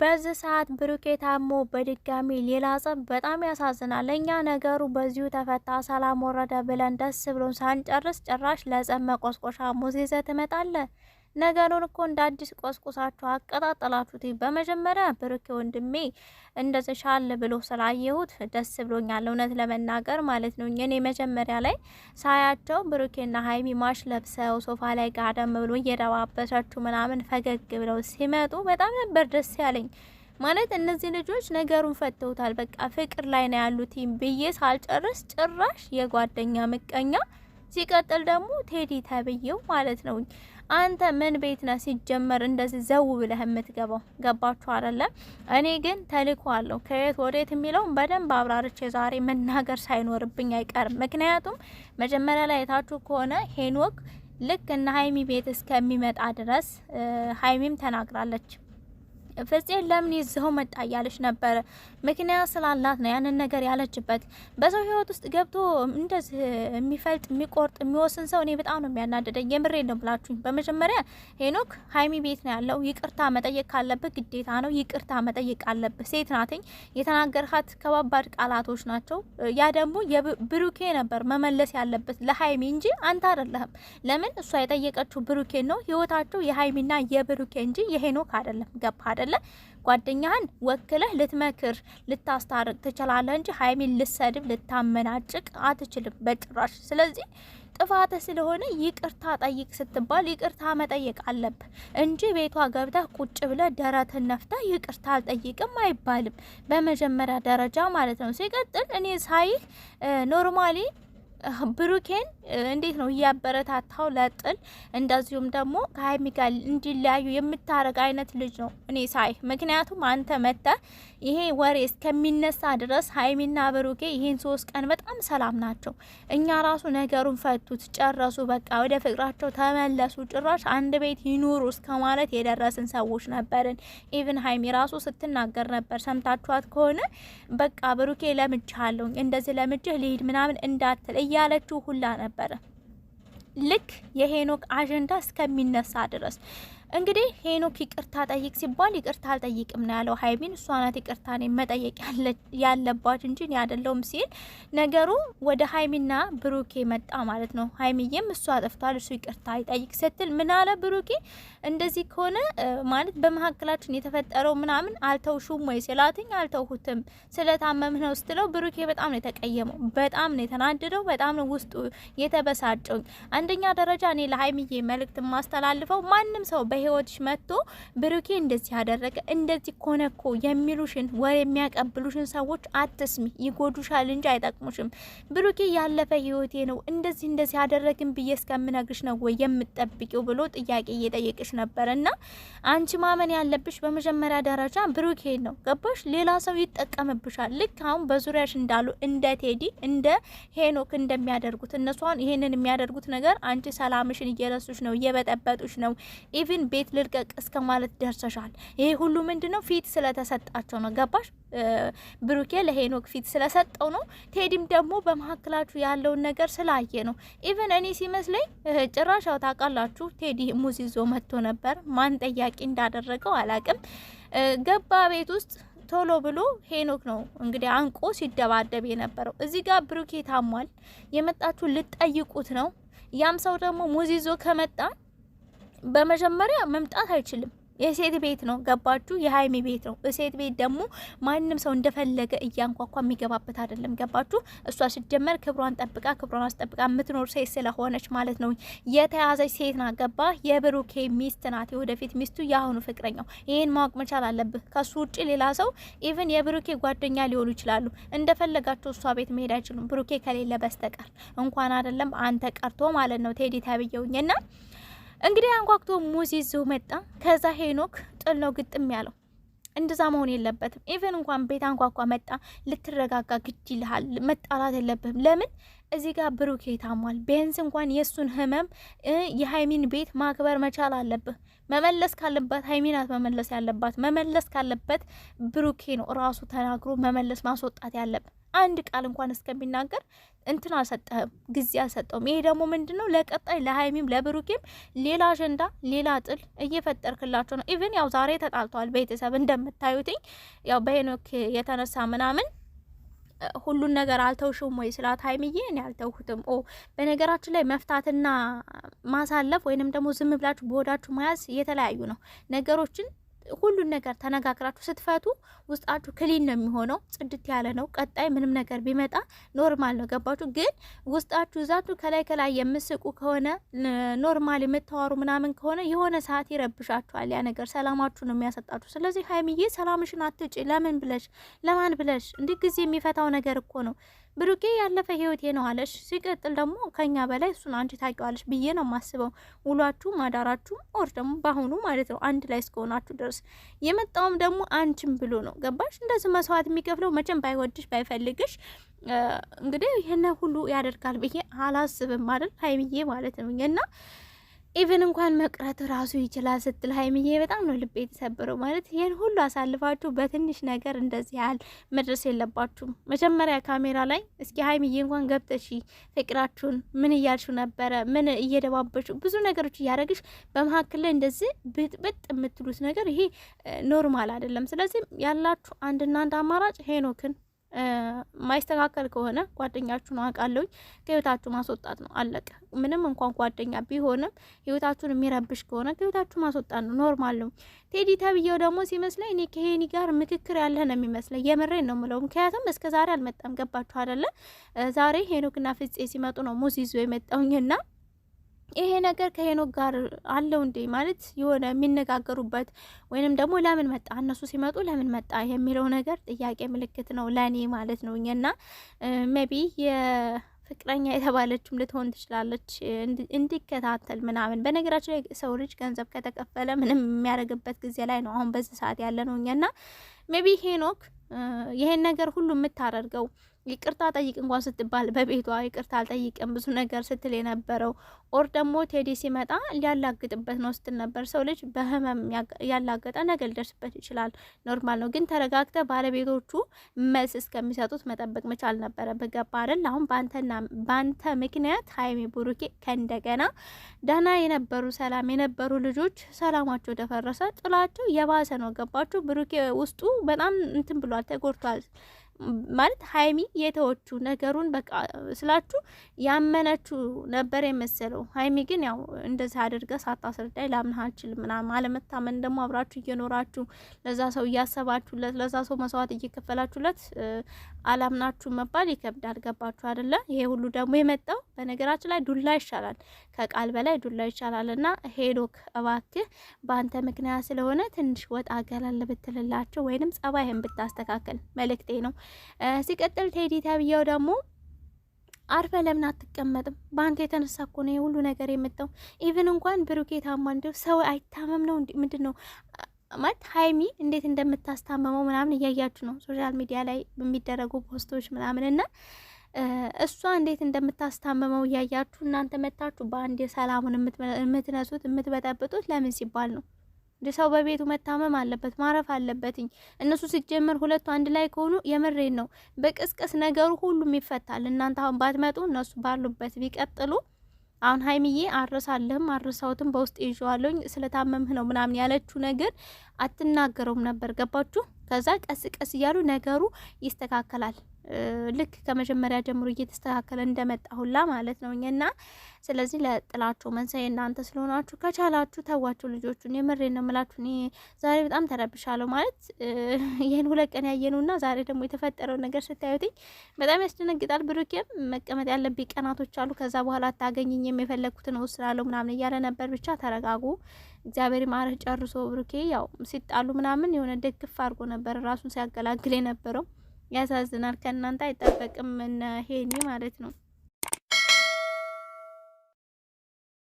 በዚህ ሰዓት ብሩኬ ታሞ በድጋሚ ሌላ ጸብ፣ በጣም ያሳዝናል። እኛ ነገሩ በዚሁ ተፈታ ሰላም ወረደ ብለን ደስ ብሎን ሳንጨርስ ጭራሽ ለጸብ መቆስቆሻ ሙዝ ይዘህ ትመጣለህ። ነገሩን እኮ እንደ አዲስ ቆስቁሳችሁ አቀጣጠላችሁት። በመጀመሪያ ብሩኬ ወንድሜ እንደተሻለ ብሎ ስላየሁት ደስ ብሎኛል፣ እውነት ለመናገር ማለት ነው። እኔ መጀመሪያ ላይ ሳያቸው ብሩኬና ሀይሚ ማሽ ለብሰው ሶፋ ላይ ጋደም ብሎ እየደባበሳችሁ ምናምን ፈገግ ብለው ሲመጡ በጣም ነበር ደስ ያለኝ። ማለት እነዚህ ልጆች ነገሩን ፈተውታል። በቃ ፍቅር ላይ ነው ያሉት ብዬ ሳልጨርስ ጭራሽ የጓደኛ ምቀኛ ሲቀጥል ደግሞ ቴዲ ተብዬው ማለት ነው አንተ ምን ቤት ነህ ሲጀመር እንደዚህ ዘው ብለህ የምትገባው? ገባችሁ አይደለ? እኔ ግን ተልእኮ አለው ከየት ወዴት የሚለውን በደንብ አብራርቼ ዛሬ መናገር ሳይኖርብኝ አይቀርም። ምክንያቱም መጀመሪያ ላይ የታችሁ ከሆነ ሄኖክ ልክ እነ ሀይሚ ቤት እስከሚመጣ ድረስ ሀይሚም ተናግራለች ፍፄ ለምን ይዘው መጣ እያለች ነበረ። ምክንያት ስላላት ነው ያንን ነገር ያለችበት። በሰው ህይወት ውስጥ ገብቶ እንደዚህ የሚፈልጥ የሚቆርጥ የሚወስን ሰው እኔ በጣም ነው የሚያናደደኝ። የምሬ ነው ብላችሁኝ። በመጀመሪያ ሄኖክ ሀይሚ ቤት ነው ያለው። ይቅርታ መጠየቅ ካለብህ ግዴታ ነው ይቅርታ መጠየቅ አለብህ። ሴት ናትኝ የተናገርካት ከባባድ ቃላቶች ናቸው። ያ ደግሞ የብሩኬ ነበር መመለስ ያለበት ለሀይሚ እንጂ አንተ አደለህም። ለምን እሷ የጠየቀችው ብሩኬን ነው። ህይወታቸው የሀይሚና የብሩኬ እንጂ የሄኖክ አይደለም። ገባ አደለ አይደለ? ጓደኛህን ወክለህ ልትመክር ልታስታርቅ ትችላለህ እንጂ ሀይሚን ልሰድብ ልታመናጭቅ አትችልም በጭራሽ። ስለዚህ ጥፋት ስለሆነ ይቅርታ ጠይቅ ስትባል ይቅርታ መጠየቅ አለብህ እንጂ ቤቷ ገብተህ ቁጭ ብለህ ደረትን ነፍተህ ይቅርታ አልጠይቅም አይባልም፣ በመጀመሪያ ደረጃ ማለት ነው። ሲቀጥል እኔ ሳይህ ኖርማሊ ብሩኬን እንዴት ነው እያበረታታው ለጥል እንደዚሁም ደግሞ ከሀይሚ ጋር እንዲለያዩ የምታረግ አይነት ልጅ ነው እኔ ሳይ። ምክንያቱም አንተ መተ ይሄ ወሬ እስከሚነሳ ድረስ ሀይሚና ብሩኬ ይሄን ሶስት ቀን በጣም ሰላም ናቸው። እኛ ራሱ ነገሩን ፈቱት፣ ጨረሱ፣ በቃ ወደ ፍቅራቸው ተመለሱ፣ ጭራሽ አንድ ቤት ይኑሩ እስከ ማለት የደረስን ሰዎች ነበርን። ኢቭን ሀይሚ ራሱ ስትናገር ነበር፣ ሰምታችኋት ከሆነ በቃ ብሩኬ ለምጅሃለሁ፣ እንደዚህ ለምጅህ ልሂድ ምናምን እንዳትል ያለችው ሁላ ነበረ። ልክ የሄኖክ አጀንዳ እስከሚነሳ ድረስ እንግዲህ ሄኖክ ይቅርታ ጠይቅ ሲባል ይቅርታ አልጠይቅም ነው ያለው ሀይሚን። እሷ ናት ይቅርታ መጠየቅ ያለባት እንጂ እኔ አይደለሁም ሲል ነገሩ ወደ ሀይሚና ብሩኬ መጣ ማለት ነው። ሀይሚዬም እሷ አጠፍቷል እሱ ይቅርታ ይጠይቅ ስትል ምን አለ ብሩኬ፣ እንደዚህ ከሆነ ማለት በመካከላችን የተፈጠረው ምናምን አልተውሹም ወይ ስላትኝ አልተውሁትም ስለታመምህ ነው ስትለው ብሩኬ በጣም ነው የተቀየመው። በጣም ነው የተናደደው። በጣም ነው ውስጡ የተበሳጨው። አንደኛ ደረጃ እኔ ለሀይሚዬ መልእክት የማስተላልፈው ማንም ሰው በ ህይወትሽ መጥቶ ብሩኬ እንደዚህ ያደረገ እንደዚህ ኮነኮ የሚሉሽን ወር የሚያቀብሉሽን ሰዎች አትስሚ። ይጎዱሻል እንጂ አይጠቅሙሽም። ብሩኬ ያለፈ ህይወቴ ነው እንደዚህ እንደዚህ ያደረግን ብዬ እስከምነግርሽ ነው ወይ የምጠብቂው ብሎ ጥያቄ እየጠየቅሽ ነበር። እና አንቺ ማመን ያለብሽ በመጀመሪያ ደረጃ ብሩኬ ነው። ገባሽ? ሌላ ሰው ይጠቀምብሻል። ልክ አሁን በዙሪያሽ እንዳሉ እንደ ቴዲ እንደ ሄኖክ እንደሚያደርጉት እነሷን ይሄንን የሚያደርጉት ነገር አንቺ ሰላምሽን እየረሱሽ ነው፣ እየበጠበጡሽ ነው ኢቭን ቤት ልልቀቅ እስከ ማለት ደርሰሻል። ይሄ ሁሉ ምንድን ነው? ፊት ስለተሰጣቸው ነው። ገባሽ? ብሩኬ ለሄኖክ ፊት ስለሰጠው ነው። ቴዲም ደግሞ በመካከላችሁ ያለውን ነገር ስላየ ነው። ኢቨን እኔ ሲመስለኝ ጭራሽ ያው ታውቃላችሁ፣ ቴዲ ሙዝ ይዞ መጥቶ ነበር። ማን ጠያቂ እንዳደረገው አላቅም። ገባ ቤት ውስጥ ቶሎ ብሎ ሄኖክ ነው እንግዲህ አንቆ ሲደባደብ የነበረው። እዚህ ጋር ብሩኬ ታሟል፣ የመጣችሁ ልጠይቁት ነው። ያም ሰው ደግሞ ሙዝ ይዞ ከመጣ በመጀመሪያ መምጣት አይችልም። የሴት ቤት ነው፣ ገባችሁ? የሀይሚ ቤት ነው። ሴት ቤት ደግሞ ማንም ሰው እንደፈለገ እያንኳኳ የሚገባበት አይደለም፣ ገባችሁ? እሷ ሲጀመር ክብሯን ጠብቃ ክብሯን አስጠብቃ የምትኖር ሴት ስለሆነች ማለት ነው። የተያዘች ሴት ናት፣ ገባ? የብሩኬ ሚስት ናት፣ የወደፊት ሚስቱ፣ የአሁኑ ፍቅረኛው። ይህን ማወቅ መቻል አለብህ። ከሱ ውጭ ሌላ ሰው ኢቨን የብሩኬ ጓደኛ ሊሆኑ ይችላሉ፣ እንደፈለጋቸው እሷ ቤት መሄድ አይችሉም፣ ብሩኬ ከሌለ በስተቀር እንኳን አይደለም አንተ ቀርቶ ማለት ነው። ቴዲ ተብየውኝና እንግዲህ አንኳክቶ ሙዚ ይዞ መጣ። ከዛ ሄኖክ ጥል ግጥም ያለው። እንደዛ መሆን የለበትም። ኢቨን እንኳን ቤት አንኳኳ መጣ ልትረጋጋ ግድ ይልሃል። መጣላት የለብህም። ለምን እዚህ ጋር ብሩኬ ታሟል። ቢያንስ እንኳን የእሱን ህመም የሀይሚን ቤት ማክበር መቻል አለብህ። መመለስ ካለባት ሀይሚ መመለስ ያለባት። መመለስ ካለበት ብሩኬ ነው ራሱ ተናግሮ መመለስ ማስወጣት ያለብህ አንድ ቃል እንኳን እስከሚናገር እንትን አልሰጠህም፣ ጊዜ አልሰጠውም። ይሄ ደግሞ ምንድን ነው? ለቀጣይ ለሀይሚም ለብሩኬም ሌላ አጀንዳ፣ ሌላ ጥል እየፈጠርክላቸው ነው። ኢቨን ያው ዛሬ ተጣልተዋል ቤተሰብ እንደምታዩትኝ ያው በሄኖክ የተነሳ ምናምን ሁሉን ነገር አልተውሽም ወይ ስላት ሀይሚዬ እኔ አልተውሁትም። ኦ በነገራችን ላይ መፍታትና ማሳለፍ ወይንም ደግሞ ዝም ብላችሁ በወዳችሁ መያዝ የተለያዩ ነው ነገሮችን ሁሉን ነገር ተነጋግራችሁ ስትፈቱ ውስጣችሁ ክሊን ነው የሚሆነው። ጽድት ያለ ነው። ቀጣይ ምንም ነገር ቢመጣ ኖርማል ነው። ገባችሁ? ግን ውስጣችሁ እዛችሁ ከላይ ከላይ የምስቁ ከሆነ ኖርማል የምታወሩ ምናምን ከሆነ የሆነ ሰዓት ይረብሻችኋል። ያ ነገር ሰላማችሁ ነው የሚያሰጣችሁ። ስለዚህ ሀይሚዬ ሰላምሽን አትጪ። ለምን ብለሽ ለማን ብለሽ እንዲህ ጊዜ የሚፈታው ነገር እኮ ነው። ብሩኬ ያለፈ ህይወቴ ነው አለሽ። ሲቀጥል ደግሞ ከኛ በላይ እሱን አንቺ ታውቂዋለሽ ብዬ ነው የማስበው። ውሏችሁ ማዳራችሁ ኦር ደግሞ በአሁኑ ማለት ነው አንድ ላይ እስከሆናችሁ ድረስ የመጣውም ደግሞ አንቺም ብሎ ነው። ገባሽ? እንደዚህ መስዋዕት የሚከፍለው መቼም ባይወድሽ ባይፈልግሽ እንግዲህ ይህን ሁሉ ያደርጋል ብዬ አላስብም አይደል? ሀይሚዬ ማለት ነው እና ኢቨን እንኳን መቅረት ራሱ ይችላል ስትል ሀይሚዬ በጣም ነው ልቤ የተሰበረው። ማለት ይህን ሁሉ አሳልፋችሁ በትንሽ ነገር እንደዚህ ያህል መድረስ የለባችሁም። መጀመሪያ ካሜራ ላይ እስኪ ሀይሚዬ እንኳን ገብተሽ ፍቅራችሁን ምን እያልሹ ነበረ? ምን እየደባበሹ ብዙ ነገሮች እያደረግሽ በመካከል ላይ እንደዚህ ብጥብጥ የምትሉት ነገር ይሄ ኖርማል አይደለም። ስለዚህ ያላችሁ አንድና አንድ አማራጭ ሄኖክን ማይስተካከል ከሆነ ጓደኛችሁን አውቃለሁኝ ከህይወታችሁ ማስወጣት ነው፣ አለቀ። ምንም እንኳን ጓደኛ ቢሆንም ህይወታችሁን የሚረብሽ ከሆነ ከህይወታችሁ ማስወጣት ነው፣ ኖርማል ነው። ቴዲ ተብዬው ደግሞ ሲመስለኝ እኔ ከሄኒ ጋር ምክክር ያለህ ነው የሚመስለኝ። የምሬን ነው ምለው፣ ምክንያቱም እስከ ዛሬ አልመጣም። ገባችሁ አደለ? ዛሬ ሄኖክና ፍፄ ሲመጡ ነው ሙዝ ይዞ የመጣውኝና ይሄ ነገር ከሄኖክ ጋር አለው እንዴ? ማለት የሆነ የሚነጋገሩበት ወይንም ደግሞ ለምን መጣ እነሱ ሲመጡ ለምን መጣ የሚለው ነገር ጥያቄ ምልክት ነው ለእኔ ማለት ነው። እና ሜቢ የፍቅረኛ የተባለችም ልትሆን ትችላለች እንዲከታተል ምናምን። በነገራችን ላይ ሰው ልጅ ገንዘብ ከተከፈለ ምንም የሚያደርግበት ጊዜ ላይ ነው አሁን በዚህ ሰዓት ያለ ነው እኛና ሜቢ ሄኖክ uh, ይሄን ነገር ሁሉ የምታደርገው ይቅርታ ጠይቅ እንኳን ስትባል በቤቷ ይቅርታ አልጠይቅም ብዙ ነገር ስትል የነበረው ኦር ደግሞ ቴዲ ሲመጣ ሊያላግጥበት ነው ስትል ነበር። ሰው ልጅ በህመም ያላገጠ ነገር ሊደርስበት ይችላል፣ ኖርማል ነው። ግን ተረጋግተ ባለቤቶቹ መልስ እስከሚሰጡት መጠበቅ መቻል ነበረ ገባህ አይደል? አሁን በአንተና በአንተ ምክንያት ሀይሚ ቡሩኬ ከእንደገና ደህና የነበሩ ሰላም የነበሩ ልጆች ሰላማቸው ተፈረሰ፣ ጥላቸው የባሰ ነው። ገባችሁ? ብሩኬ ውስጡ በጣም እንትን ብሏል፣ ተጎድቷል። ማለት ሀይሚ የተወቹ ነገሩን በቃ ስላችሁ ያመነችሁ ነበር የመሰለው። ሀይሚ ግን ያው እንደዚህ አድርገ ሳታስረዳይ ላምን አልችልም ምናምን አለመታመን፣ ደግሞ አብራችሁ እየኖራችሁ ለዛ ሰው እያሰባችሁለት፣ ለዛ ሰው መስዋዕት እየከፈላችሁለት አላምናችሁ መባል ይከብዳል። ገባችሁ አደለ? ይሄ ሁሉ ደግሞ የመጣው በነገራችን ላይ ዱላ ይሻላል፣ ከቃል በላይ ዱላ ይሻላል። እና ሄኖክ እባክህ በአንተ ምክንያት ስለሆነ ትንሽ ወጣ ገለል ብትልላቸው ወይንም ጸባይህን ብታስተካከል መልእክቴ ነው። ሲቀጥል ቴዲ ተብዬው ደግሞ አርፈ ለምን አትቀመጥም? በአንተ የተነሳ እኮ ነው ሁሉ ነገር የመጣው። ኢቭን እንኳን ብሩኬ ታማ እንዲሁ ሰው አይታመም ነው ምንድን ነው ማለት ሀይሚ እንዴት እንደምታስታመመው ምናምን እያያችሁ ነው ሶሻል ሚዲያ ላይ በሚደረጉ ፖስቶች ምናምን እና እሷ እንዴት እንደምታስታመመው እያያችሁ እናንተ መታችሁ በአንድ ሰላሙን የምትነሱት የምትበጠብጡት ለምን ሲባል ነው? እንደ ሰው በቤቱ መታመም አለበት ማረፍ አለበትኝ። እነሱ ሲጀምር ሁለቱ አንድ ላይ ከሆኑ የምሬን ነው በቅስቅስ ነገሩ ሁሉም ይፈታል። እናንተ አሁን ባትመጡ እነሱ ባሉበት ቢቀጥሉ አሁን ሀይሚዬ አረሳለህም አረሳውትም በውስጥ ይዤዋለሁኝ ስለታመምህ ነው ምናምን ያለችው ነገር አትናገረውም ነበር። ገባችሁ? ከዛ ቀስ ቀስ እያሉ ነገሩ ይስተካከላል። ልክ ከመጀመሪያ ጀምሮ እየተስተካከለ እንደመጣ ሁላ ማለት ነው። እና ስለዚህ ለጥላችሁ መንስኤ እናንተ ስለሆናችሁ ከቻላችሁ ተዋችሁ ልጆቹን። የምሬ ነው ምላችሁ። እኔ ዛሬ በጣም ተረብሻለሁ ማለት ይህን ሁለት ቀን ያየነውና ዛሬ ደግሞ የተፈጠረው ነገር ስታዩትኝ በጣም ያስደነግጣል። ብሩኬም መቀመጥ ያለብኝ ቀናቶች አሉ፣ ከዛ በኋላ አታገኝኝም፣ የፈለግኩትን እወስዳለሁ ምናምን እያለ ነበር። ብቻ ተረጋጉ። እግዚአብሔር ማረህ ጨርሶ ብሩኬ ያው ሲጣሉ ምናምን የሆነ ደግፍ አድርጎ ነበር ራሱን ሲያገላግል የነበረው ያሳዝናል። ከእናንተ አይጠበቅም እና ሄኒ ማለት ነው።